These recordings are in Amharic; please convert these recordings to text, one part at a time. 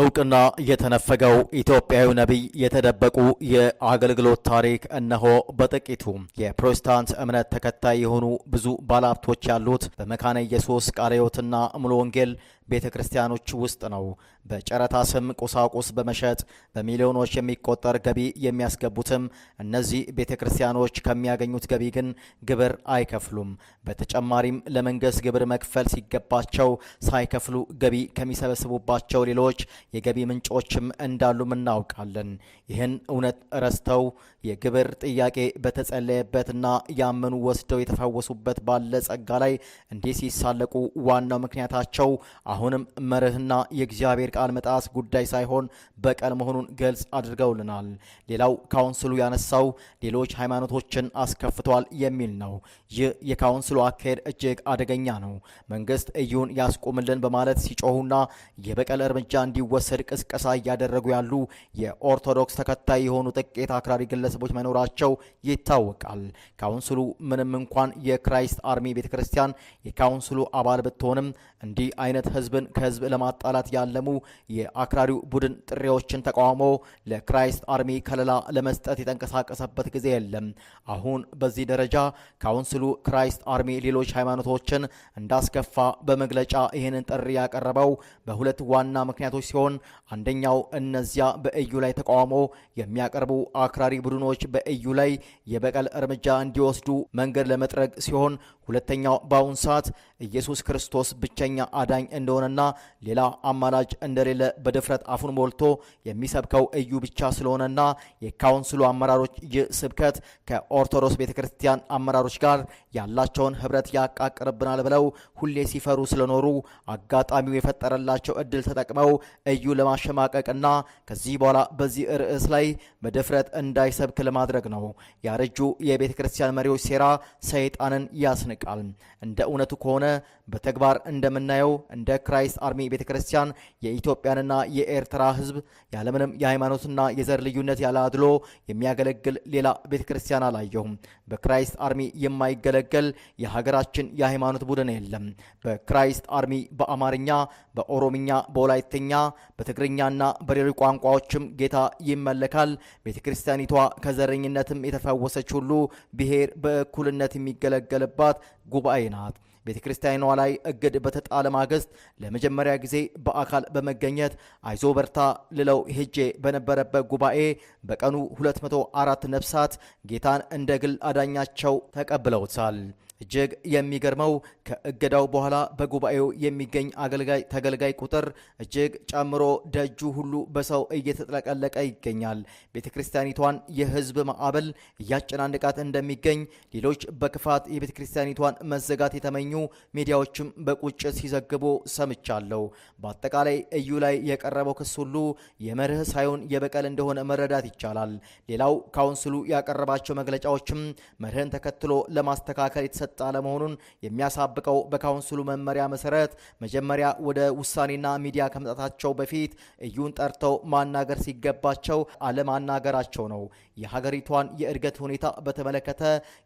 እውቅና የተነፈገው ኢትዮጵያዊ ነቢይ የተደበቁ የአገልግሎት ታሪክ እነሆ በጥቂቱ። የፕሮቴስታንት እምነት ተከታይ የሆኑ ብዙ ባለሀብቶች ያሉት በመካነ ኢየሱስ ቃለ ሕይወትና ሙሉ ወንጌል ቤተ ክርስቲያኖች ውስጥ ነው። በጨረታ ስም ቁሳቁስ በመሸጥ በሚሊዮኖች የሚቆጠር ገቢ የሚያስገቡትም እነዚህ ቤተ ክርስቲያኖች ከሚያገኙት ገቢ ግን ግብር አይከፍሉም። በተጨማሪም ለመንግስት ግብር መክፈል ሲገባቸው ሳይከፍሉ ገቢ ከሚሰበስቡባቸው ሌሎች የገቢ ምንጮችም እንዳሉም እናውቃለን። ይህን እውነት ረስተው የግብር ጥያቄ በተጸለየበትና ያመኑ ወስደው የተፈወሱበት ባለ ጸጋ ላይ እንዲህ ሲሳለቁ ዋናው ምክንያታቸው አሁንም መርህና የእግዚአብሔር ቃል መጣስ ጉዳይ ሳይሆን በቀል መሆኑን ገልጽ አድርገውልናል። ሌላው ካውንስሉ ያነሳው ሌሎች ሃይማኖቶችን አስከፍቷል የሚል ነው። ይህ የካውንስሉ አካሄድ እጅግ አደገኛ ነው። መንግስት እዩን ያስቆምልን በማለት ሲጮሁና የበቀል እርምጃ እንዲወሰድ ቅስቀሳ እያደረጉ ያሉ የኦርቶዶክስ ተከታይ የሆኑ ጥቂት አክራሪ ግለሰቦች መኖራቸው ይታወቃል። ካውንስሉ ምንም እንኳን የክራይስት አርሚ ቤተክርስቲያን የካውንስሉ አባል ብትሆንም እንዲህ አይነት ህዝብ ህዝብን ከህዝብ ለማጣላት ያለሙ የአክራሪው ቡድን ጥሪዎችን ተቃውሞ ለክራይስት አርሚ ከለላ ለመስጠት የተንቀሳቀሰበት ጊዜ የለም። አሁን በዚህ ደረጃ ካውንስሉ ክራይስት አርሚ ሌሎች ሃይማኖቶችን እንዳስከፋ በመግለጫ ይህንን ጥሪ ያቀረበው በሁለት ዋና ምክንያቶች ሲሆን አንደኛው እነዚያ በእዩ ላይ ተቃውሞ የሚያቀርቡ አክራሪ ቡድኖች በእዩ ላይ የበቀል እርምጃ እንዲወስዱ መንገድ ለመጥረግ ሲሆን፣ ሁለተኛው በአሁን ሰዓት ኢየሱስ ክርስቶስ ብቸኛ አዳኝ እንደ እንደሆነና ሌላ አማራጭ እንደሌለ በድፍረት አፉን ሞልቶ የሚሰብከው እዩ ብቻ ስለሆነና የካውንስሉ አመራሮች ይህ ስብከት ከኦርቶዶክስ ቤተ ክርስቲያን አመራሮች ጋር ያላቸውን ህብረት ያቃቅርብናል ብለው ሁሌ ሲፈሩ ስለኖሩ አጋጣሚው የፈጠረላቸው እድል ተጠቅመው እዩ ለማሸማቀቅና ከዚህ በኋላ በዚህ ርዕስ ላይ በድፍረት እንዳይሰብክ ለማድረግ ነው። ያረጁ የቤተ ክርስቲያን መሪዎች ሴራ ሰይጣንን ያስንቃል። እንደ እውነቱ ከሆነ በተግባር እንደምናየው እንደ የክራይስት አርሚ ቤተ ክርስቲያን የኢትዮጵያንና የኤርትራ ህዝብ ያለምንም የሃይማኖትና የዘር ልዩነት ያለ አድሎ የሚያገለግል ሌላ ቤተ ክርስቲያን አላየሁም። በክራይስት አርሚ የማይገለገል የሀገራችን የሃይማኖት ቡድን የለም። በክራይስት አርሚ በአማርኛ፣ በኦሮምኛ፣ በወላይተኛ፣ በትግርኛና በሌሎች ቋንቋዎችም ጌታ ይመለካል። ቤተ ክርስቲያኒቷ ከዘረኝነትም የተፈወሰች ሁሉ ብሔር በእኩልነት የሚገለገልባት ጉባኤ ናት። ቤተ ክርስቲያኗ ላይ እግድ በተጣለ ማግስት ለመጀመሪያ ጊዜ በአካል በመገኘት አይዞ በርታ ልለው ሄጄ በነበረበት ጉባኤ በቀኑ 204 ነፍሳት ጌታን እንደ ግል አዳኛቸው ተቀብለውታል። እጅግ የሚገርመው ከእገዳው በኋላ በጉባኤው የሚገኝ አገልጋይ ተገልጋይ ቁጥር እጅግ ጨምሮ ደጁ ሁሉ በሰው እየተጥለቀለቀ ይገኛል። ቤተ ክርስቲያኒቷን የሕዝብ ማዕበል እያጨናንቃት እንደሚገኝ ሌሎች በክፋት የቤተ ክርስቲያኒቷን መዘጋት የተመኙ ሚዲያዎችም በቁጭት ሲዘግቡ ሰምቻለሁ። በአጠቃላይ እዩ ላይ የቀረበው ክስ ሁሉ የመርህ ሳይሆን የበቀል እንደሆነ መረዳት ይቻላል። ሌላው ካውንስሉ ያቀረባቸው መግለጫዎችም መርህን ተከትሎ ለማስተካከል የተሰ የተሰጠ አለመሆኑን የሚያሳብቀው በካውንስሉ መመሪያ መሰረት መጀመሪያ ወደ ውሳኔና ሚዲያ ከመጣታቸው በፊት እዩን ጠርተው ማናገር ሲገባቸው አለማናገራቸው ነው። የሀገሪቷን የእድገት ሁኔታ በተመለከተ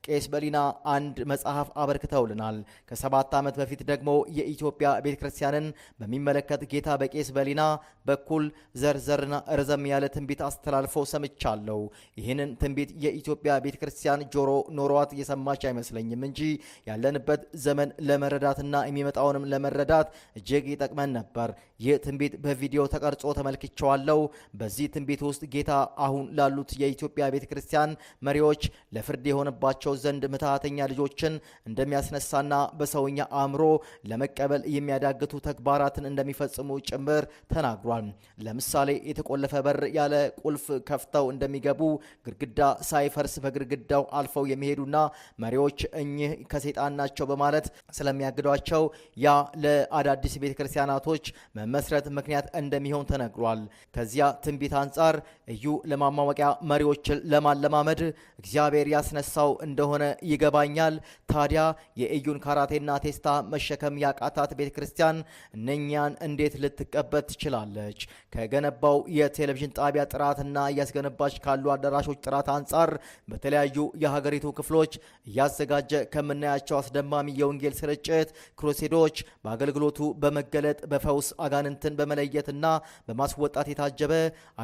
ቄስ በሊና አንድ መጽሐፍ አበርክተውልናል። ከሰባት ዓመት በፊት ደግሞ የኢትዮጵያ ቤተ ክርስቲያንን በሚመለከት ጌታ በቄስ በሊና በኩል ዘርዘርና እርዘም ያለ ትንቢት አስተላልፎ ሰምቻለሁ። ይህንን ትንቢት የኢትዮጵያ ቤተ ክርስቲያን ጆሮ ኖሯት የሰማች አይመስለኝም እንጂ ያለንበት ዘመን ለመረዳትና የሚመጣውንም ለመረዳት እጅግ ይጠቅመን ነበር። ይህ ትንቢት በቪዲዮ ተቀርጾ ተመልክቸዋለሁ። በዚህ ትንቢት ውስጥ ጌታ አሁን ላሉት የኢትዮጵያ ቤተ ክርስቲያን መሪዎች ለፍርድ የሆነባቸው ዘንድ ምትሃተኛ ልጆችን እንደሚያስነሳና በሰውኛ አእምሮ ለመቀበል የሚያዳግቱ ተግባራትን እንደሚፈጽሙ ጭምር ተናግሯል። ለምሳሌ የተቆለፈ በር ያለ ቁልፍ ከፍተው እንደሚገቡ፣ ግድግዳ ሳይፈርስ በግድግዳው አልፈው የሚሄዱና መሪዎች እኚህ ከሴጣን ናቸው በማለት ስለሚያግዷቸው ያ ለአዳዲስ ቤተ ክርስቲያናቶች መመስረት ምክንያት እንደሚሆን ተነግሯል። ከዚያ ትንቢት አንጻር እዩ ለማማወቂያ መሪዎችን ለማለማመድ እግዚአብሔር ያስነሳው እንደሆነ ይገባኛል። ታዲያ የእዩን ካራቴና ቴስታ መሸከም ያቃታት ቤተ ክርስቲያን እነኛን እንዴት ልትቀበት ትችላለች? ከገነባው የቴሌቪዥን ጣቢያ ጥራትና እያስገነባች ካሉ አዳራሾች ጥራት አንጻር በተለያዩ የሀገሪቱ ክፍሎች እያዘጋጀ ከምናያቸው አስደማሚ የወንጌል ስርጭት ክሩሴዶች በአገልግሎቱ በመገለጥ በፈውስ አጋንንትን በመለየትና በማስወጣት የታጀበ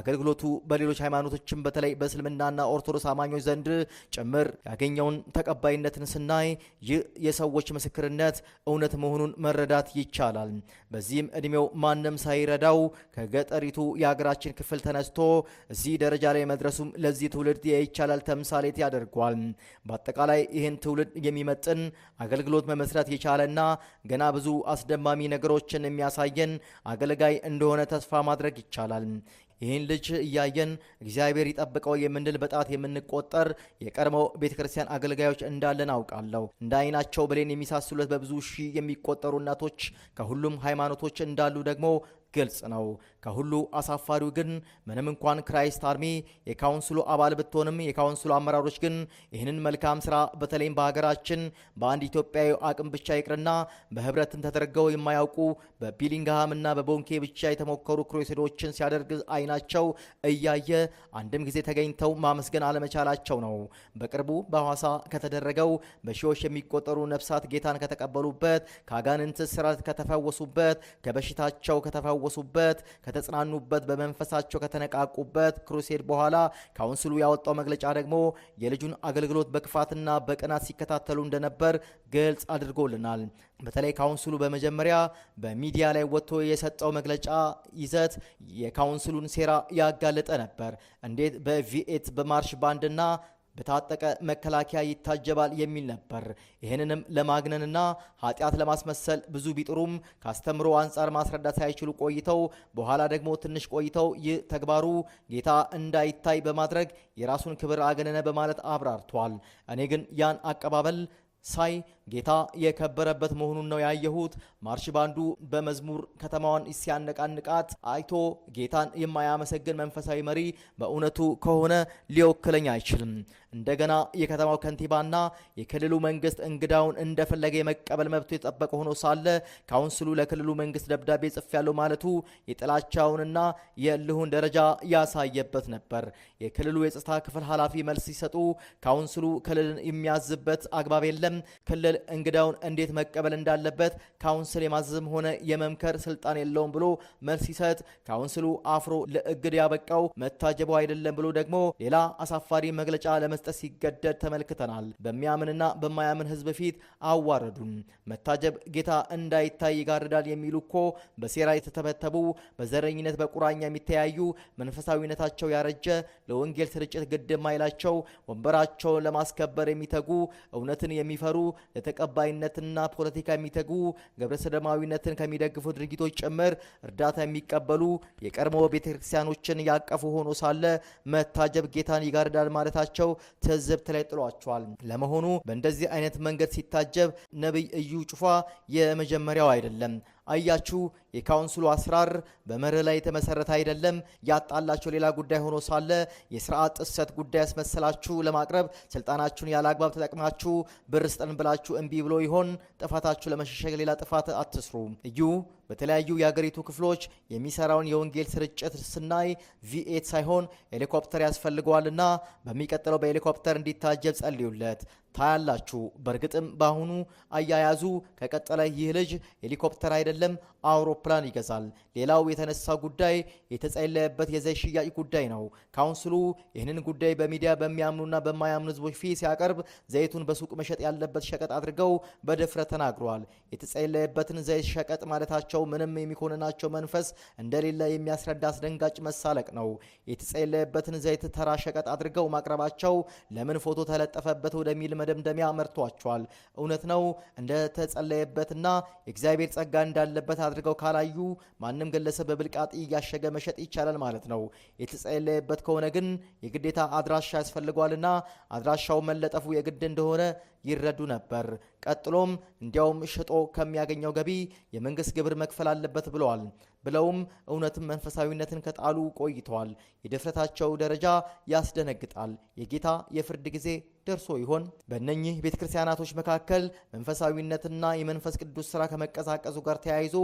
አገልግሎቱ በሌሎች ሃይማኖቶችም በተለይ በእስልምናና ኦርቶዶክስ አማኞች ዘንድ ጭምር ያገኘውን ተቀባይነትን ስናይ ይህ የሰዎች ምስክርነት እውነት መሆኑን መረዳት ይቻላል። በዚህም እድሜው ማንም ሳይረዳው ከገጠሪቱ የሀገራችን ክፍል ተነስቶ እዚህ ደረጃ ላይ መድረሱም ለዚህ ትውልድ የይቻላል ተምሳሌት ያደርጓል። በአጠቃላይ ይህን ትውልድ የሚመጥን አገልግሎት መመስረት የቻለና ገና ብዙ አስደማሚ ነገሮችን የሚያሳየን አገልጋይ እንደሆነ ተስፋ ማድረግ ይቻላል። ይህን ልጅ እያየን እግዚአብሔር ይጠብቀው የምንል በጣት የምንቆጠር የቀድሞ ቤተ ክርስቲያን አገልጋዮች እንዳለን አውቃለሁ። እንደ አይናቸው ብሌን የሚሳስሉት በብዙ ሺህ የሚቆጠሩ እናቶች ከሁሉም ሃይማኖቶች እንዳሉ ደግሞ ግልጽ ነው። ከሁሉ አሳፋሪው ግን ምንም እንኳን ክራይስት አርሚ የካውንስሉ አባል ብትሆንም የካውንስሉ አመራሮች ግን ይህንን መልካም ስራ በተለይም በሀገራችን በአንድ ኢትዮጵያዊ አቅም ብቻ ይቅርና በህብረትን ተደርገው የማያውቁ በቢሊንግሃም እና በቦንኬ ብቻ የተሞከሩ ክሮሴዶችን ሲያደርግ አይናቸው እያየ አንድም ጊዜ ተገኝተው ማመስገን አለመቻላቸው ነው። በቅርቡ በሐዋሳ ከተደረገው በሺዎች የሚቆጠሩ ነፍሳት ጌታን ከተቀበሉበት፣ ከአጋንንት ስራት ከተፈወሱበት፣ ከበሽታቸው ከተፈወሱበት ከተጽናኑበት፣ በመንፈሳቸው ከተነቃቁበት ክሩሴድ በኋላ ካውንስሉ ያወጣው መግለጫ ደግሞ የልጁን አገልግሎት በክፋትና በቅናት ሲከታተሉ እንደነበር ግልጽ አድርጎልናል። በተለይ ካውንስሉ በመጀመሪያ በሚዲያ ላይ ወጥቶ የሰጠው መግለጫ ይዘት የካውንስሉን ሴራ ያጋለጠ ነበር። እንዴት በቪኤት በማርሽ ባንድና በታጠቀ መከላከያ ይታጀባል የሚል ነበር። ይህንንም ለማግነንና ኃጢአት ለማስመሰል ብዙ ቢጥሩም ካስተምሮ አንጻር ማስረዳት ሳይችሉ ቆይተው በኋላ ደግሞ ትንሽ ቆይተው ይህ ተግባሩ ጌታ እንዳይታይ በማድረግ የራሱን ክብር አገነነ በማለት አብራርቷል። እኔ ግን ያን አቀባበል ሳይ ጌታ የከበረበት መሆኑን ነው ያየሁት። ማርሽ ባንዱ በመዝሙር ከተማዋን ሲያነቃንቃት አይቶ ጌታን የማያመሰግን መንፈሳዊ መሪ በእውነቱ ከሆነ ሊወክለኝ አይችልም። እንደገና የከተማው ከንቲባና የክልሉ መንግስት እንግዳውን እንደፈለገ የመቀበል መብቱ የጠበቀ ሆኖ ሳለ ካውንስሉ ለክልሉ መንግስት ደብዳቤ ጽፌያለሁ ማለቱ የጥላቻውንና የእልሁን ደረጃ ያሳየበት ነበር። የክልሉ የጸጥታ ክፍል ኃላፊ መልስ ሲሰጡ ካውንስሉ ክልልን የሚያዝበት አግባብ የለም፣ ክልል እንግዳውን እንዴት መቀበል እንዳለበት ካውንስል የማዘዝም ሆነ የመምከር ስልጣን የለውም ብሎ መልስ ሲሰጥ ካውንስሉ አፍሮ ለእግድ ያበቃው መታጀቡ አይደለም ብሎ ደግሞ ሌላ አሳፋሪ መግለጫ ለመ ለመስጠት ሲገደድ ተመልክተናል። በሚያምንና በማያምን ህዝብ ፊት አዋረዱን። መታጀብ ጌታ እንዳይታይ ይጋርዳል የሚሉ እኮ በሴራ የተተበተቡ በዘረኝነት በቁራኛ የሚተያዩ መንፈሳዊነታቸው ያረጀ ለወንጌል ስርጭት ግድ የማይላቸው ወንበራቸውን ለማስከበር የሚተጉ እውነትን የሚፈሩ ለተቀባይነትና ፖለቲካ የሚተጉ ግብረሰደማዊነትን ከሚደግፉ ድርጊቶች ጭምር እርዳታ የሚቀበሉ የቀድሞ ቤተክርስቲያኖችን ያቀፉ ሆኖ ሳለ መታጀብ ጌታን ይጋርዳል ማለታቸው ትዝብት ላይ ጥሏቸዋል። ለመሆኑ በእንደዚህ አይነት መንገድ ሲታጀብ ነቢይ እዩ ጩፋ የመጀመሪያው አይደለም። አያችሁ የካውንስሉ አሰራር በመርህ ላይ የተመሰረተ አይደለም፣ ያጣላቸው ሌላ ጉዳይ ሆኖ ሳለ የስርዓት ጥሰት ጉዳይ ያስመሰላችሁ ለማቅረብ ስልጣናችሁን ያለ አግባብ ተጠቅማችሁ ብር ስጠን ብላችሁ እምቢ ብሎ ይሆን? ጥፋታችሁ ለመሸሸግ ሌላ ጥፋት አትስሩ። እዩ በተለያዩ የሀገሪቱ ክፍሎች የሚሰራውን የወንጌል ስርጭት ስናይ ቪኤት ሳይሆን ሄሊኮፕተር ያስፈልገዋልና በሚቀጥለው በሄሊኮፕተር እንዲታጀብ ጸልዩለት። ታያላችሁ። በእርግጥም በአሁኑ አያያዙ ከቀጠለ ይህ ልጅ ሄሊኮፕተር አይደለም አውሮፕላን ይገዛል። ሌላው የተነሳ ጉዳይ የተጸለየበት የዘይት ሽያጭ ጉዳይ ነው። ካውንስሉ ይህንን ጉዳይ በሚዲያ በሚያምኑና በማያምኑ ህዝቦች ፊት ሲያቀርብ ዘይቱን በሱቅ መሸጥ ያለበት ሸቀጥ አድርገው በድፍረት ተናግረዋል። የተጸለየበትን ዘይት ሸቀጥ ማለታቸው ምንም የሚኮንናቸው መንፈስ እንደሌለ የሚያስረዳ አስደንጋጭ መሳለቅ ነው። የተጸለየበትን ዘይት ተራ ሸቀጥ አድርገው ማቅረባቸው ለምን ፎቶ ተለጠፈበት ወደሚል መደምደሚያ መርቷቸዋል። እውነት ነው እንደ ተጸለየበትና የእግዚአብሔር ጸጋ እንዳለበት አድርገው ካላዩ ማንም ግለሰብ በብልቃጥ እያሸገ መሸጥ ይቻላል ማለት ነው። የተጸለየበት ከሆነ ግን የግዴታ አድራሻ ያስፈልጓልና አድራሻው መለጠፉ የግድ እንደሆነ ይረዱ ነበር። ቀጥሎም እንዲያውም ሽጦ ከሚያገኘው ገቢ የመንግስት ግብር መክፈል አለበት ብለዋል። ብለውም እውነትም መንፈሳዊነትን ከጣሉ ቆይተዋል። የድፍረታቸው ደረጃ ያስደነግጣል። የጌታ የፍርድ ጊዜ ደርሶ ይሆን? በእነኚህ ቤተ ክርስቲያናቶች መካከል መንፈሳዊነትና የመንፈስ ቅዱስ ስራ ከመቀዛቀዙ ጋር ተያይዞ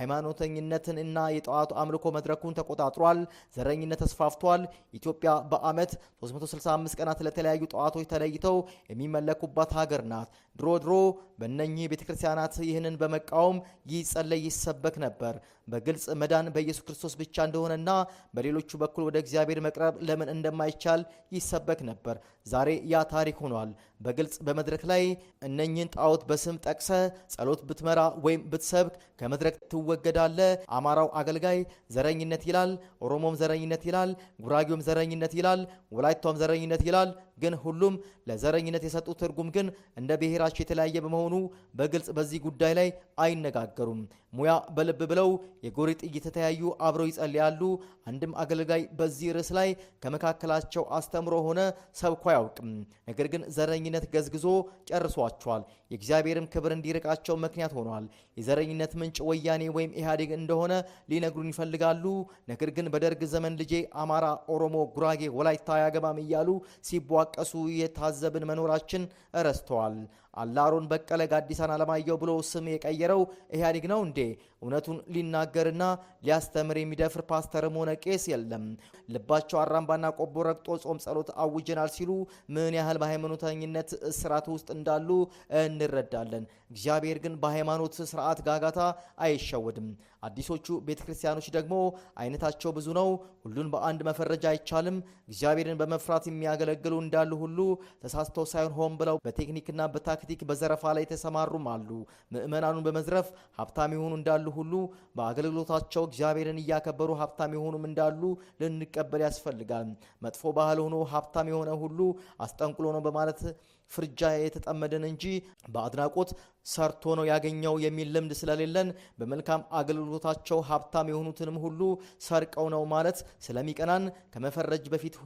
ሃይማኖተኝነትን እና የጠዋቱ አምልኮ መድረኩን ተቆጣጥሯል። ዘረኝነት ተስፋፍቷል። ኢትዮጵያ በዓመት 365 ቀናት ለተለያዩ ጠዋቶች ተለይተው የሚመለኩባት ሀገር ናት። ድሮ ድሮ በእነኚህ ቤተ ክርስቲያናት ይህንን በመቃወም ይጸለይ ይሰበክ ነበር። በግልጽ መዳን በኢየሱስ ክርስቶስ ብቻ እንደሆነና በሌሎቹ በኩል ወደ እግዚአብሔር መቅረብ ለምን እንደማይቻል ይሰበክ ነበር። ዛሬ ያ ታሪክ ታሪክ ሆኗል። በግልጽ በመድረክ ላይ እነኝን ጣዖት በስም ጠቅሰ ጸሎት ብትመራ ወይም ብትሰብክ ከመድረክ ትወገዳለ። አማራው አገልጋይ ዘረኝነት ይላል፣ ኦሮሞም ዘረኝነት ይላል፣ ጉራጌውም ዘረኝነት ይላል፣ ወላይቷም ዘረኝነት ይላል። ግን ሁሉም ለዘረኝነት የሰጡት ትርጉም ግን እንደ ብሔራቸው የተለያየ በመሆኑ በግልጽ በዚህ ጉዳይ ላይ አይነጋገሩም። ሙያ በልብ ብለው የጎሪጥ እየተተያዩ አብረው ይጸልያሉ። አንድም አገልጋይ በዚህ ርዕስ ላይ ከመካከላቸው አስተምሮ ሆነ ሰብኮ አያውቅም። ነገር ግን ዘረኝነት በዘረኝነት ገዝግዞ ጨርሷቸዋል። የእግዚአብሔርም ክብር እንዲርቃቸው ምክንያት ሆኗል። የዘረኝነት ምንጭ ወያኔ ወይም ኢህአዴግ እንደሆነ ሊነግሩን ይፈልጋሉ። ነገር ግን በደርግ ዘመን ልጄ አማራ፣ ኦሮሞ፣ ጉራጌ፣ ወላይታ ያገባም እያሉ ሲቧቀሱ የታዘብን መኖራችን እረስተዋል። አላሮን በቀለ ጋዲሳን አለማየሁ ብሎ ስም የቀየረው ኢህአዴግ ነው እንዴ? እውነቱን ሊናገርና ሊያስተምር የሚደፍር ፓስተርም ሆነ ቄስ የለም። ልባቸው አራምባና ቆቦ ረግጦ ጾም ጸሎት አውጀናል ሲሉ ምን ያህል በሃይማኖተኝነት ስርዓት ውስጥ እንዳሉ እንረዳለን። እግዚአብሔር ግን በሃይማኖት ስርዓት ጋጋታ አይሸወድም። አዲሶቹ ቤተ ክርስቲያኖች ደግሞ አይነታቸው ብዙ ነው። ሁሉን በአንድ መፈረጃ አይቻልም። እግዚአብሔርን በመፍራት የሚያገለግሉ እንዳሉ ሁሉ ተሳስተው ሳይሆን ሆን ብለው በቴክኒክና በታክ ታክቲክ በዘረፋ ላይ የተሰማሩም አሉ። ምዕመናኑን በመዝረፍ ሀብታም የሆኑ እንዳሉ ሁሉ በአገልግሎታቸው እግዚአብሔርን እያከበሩ ሀብታም የሆኑም እንዳሉ ልንቀበል ያስፈልጋል። መጥፎ ባህል ሆኖ ሀብታም የሆነ ሁሉ አስጠንቅሎ ነው በማለት ፍርጃ የተጠመደን እንጂ በአድናቆት ሰርቶ ነው ያገኘው የሚል ልምድ ስለሌለን በመልካም አገልግሎታቸው ሀብታም የሆኑትንም ሁሉ ሰርቀው ነው ማለት ስለሚቀናን ከመፈረጅ በፊት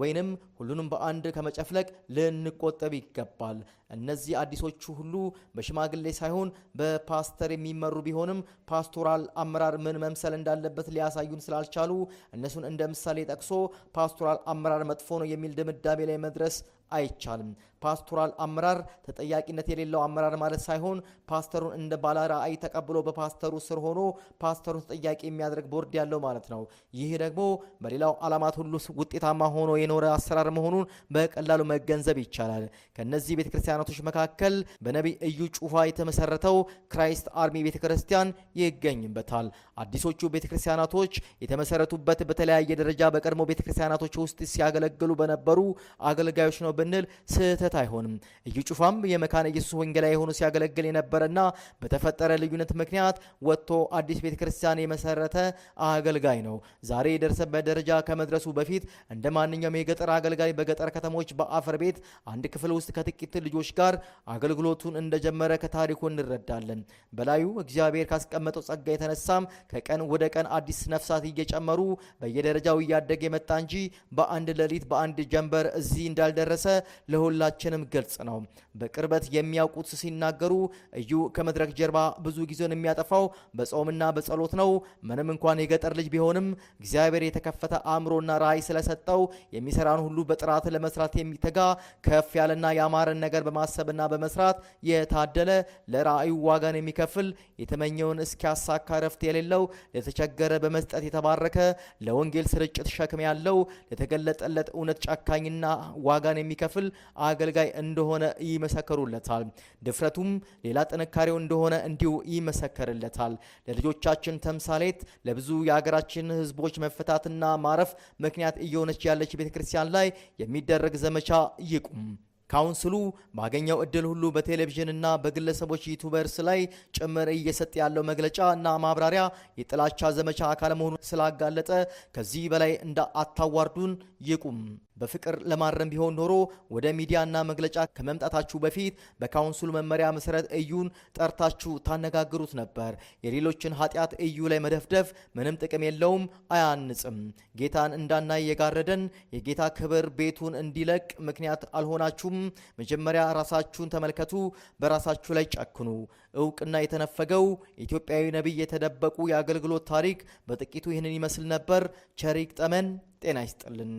ወይንም ሁሉንም በአንድ ከመጨፍለቅ ልንቆጠብ ይገባል። እነዚህ አዲሶቹ ሁሉ በሽማግሌ ሳይሆን በፓስተር የሚመሩ ቢሆንም ፓስቶራል አመራር ምን መምሰል እንዳለበት ሊያሳዩን ስላልቻሉ እነሱን እንደ ምሳሌ ጠቅሶ ፓስቶራል አመራር መጥፎ ነው የሚል ድምዳሜ ላይ መድረስ አይቻልም። ፓስቶራል አመራር ተጠያቂነት የሌለው አመራር ማለት ሳይሆን ፓስተሩን እንደ ባለራዕይ ተቀብሎ በፓስተሩ ስር ሆኖ ፓስተሩን ተጠያቂ የሚያደርግ ቦርድ ያለው ማለት ነው። ይህ ደግሞ በሌላው ዓላማት ሁሉ ውጤታማ ሆኖ የኖረ አሰራር መሆኑን በቀላሉ መገንዘብ ይቻላል። ከእነዚህ ቤተ ክርስቲያናቶች መካከል በነቢይ እዩ ጩፋ የተመሰረተው ክራይስት አርሚ ቤተ ክርስቲያን ይገኝበታል። አዲሶቹ ቤተ ክርስቲያናቶች የተመሰረቱበት በተለያየ ደረጃ በቀድሞ ቤተ ክርስቲያናቶች ውስጥ ሲያገለግሉ በነበሩ አገልጋዮች ነው ብንል ስህተት አይሆንም። እዩ ጩፋም የመካነ ኢየሱስ ወንጌላዊ ሆኖ ሲያገለግል የነበረና በተፈጠረ ልዩነት ምክንያት ወጥቶ አዲስ ቤተ ክርስቲያን የመሰረተ አገልጋይ ነው። ዛሬ የደረሰበት ደረጃ ከመድረሱ በፊት እንደ ማንኛውም የገጠር አገልጋይ በገጠር ከተሞች በአፈር ቤት አንድ ክፍል ውስጥ ከጥቂት ልጆች ጋር አገልግሎቱን እንደጀመረ ከታሪኩ እንረዳለን። በላዩ እግዚአብሔር ካስቀመጠው ጸጋ የተነሳም ከቀን ወደ ቀን አዲስ ነፍሳት እየጨመሩ በየደረጃው እያደገ የመጣ እንጂ በአንድ ሌሊት በአንድ ጀንበር እዚህ እንዳልደረሰ ለሁላችንም ግልጽ ነው። በቅርበት የሚያውቁት ሲናገሩ እዩ ከመድረክ ጀርባ ብዙ ጊዜውን የሚያጠፋው በጾምና በጸሎት ነው። ምንም እንኳን የገጠር ልጅ ቢሆንም እግዚአብሔር የተከፈተ አእምሮና ራእይ ስለሰጠው የሚሰራን ሁሉ በጥራት ለመስራት የሚተጋ ከፍ ያለና የአማረን ነገር በማሰብና በመስራት የታደለ ለራእዩ ዋጋን የሚከፍል የተመኘውን እስኪያሳካ ረፍት የሌለው ለተቸገረ በመስጠት የተባረከ ለወንጌል ስርጭት ሸክም ያለው ለተገለጠለት እውነት ጨካኝና ዋጋን የሚከፍል የሚከፍል አገልጋይ እንደሆነ ይመሰከሩለታል ድፍረቱም ሌላ ጥንካሬው እንደሆነ እንዲሁ ይመሰከርለታል። ለልጆቻችን ተምሳሌት፣ ለብዙ የሀገራችን ህዝቦች መፈታትና ማረፍ ምክንያት እየሆነች ያለች ቤተ ክርስቲያን ላይ የሚደረግ ዘመቻ ይቁም። ካውንስሉ ባገኘው እድል ሁሉ በቴሌቪዥንና በግለሰቦች ዩቱበርስ ላይ ጭምር እየሰጠ ያለው መግለጫ እና ማብራሪያ የጥላቻ ዘመቻ አካል መሆኑን ስላጋለጠ ከዚህ በላይ እንደ አታዋርዱን ይቁም። በፍቅር ለማረም ቢሆን ኖሮ ወደ ሚዲያና መግለጫ ከመምጣታችሁ በፊት በካውንስሉ መመሪያ መሰረት እዩን ጠርታችሁ ታነጋግሩት ነበር። የሌሎችን ኃጢአት እዩ ላይ መደፍደፍ ምንም ጥቅም የለውም፣ አያንጽም። ጌታን እንዳናይ የጋረደን የጌታ ክብር ቤቱን እንዲለቅ ምክንያት አልሆናችሁም። መጀመሪያ ራሳችሁን ተመልከቱ፣ በራሳችሁ ላይ ጨክኑ። እውቅና የተነፈገው ኢትዮጵያዊ ነቢይ የተደበቁ የአገልግሎት ታሪክ በጥቂቱ ይህንን ይመስል ነበር። ቸር ይግጠመን። ጤና ይስጥልን።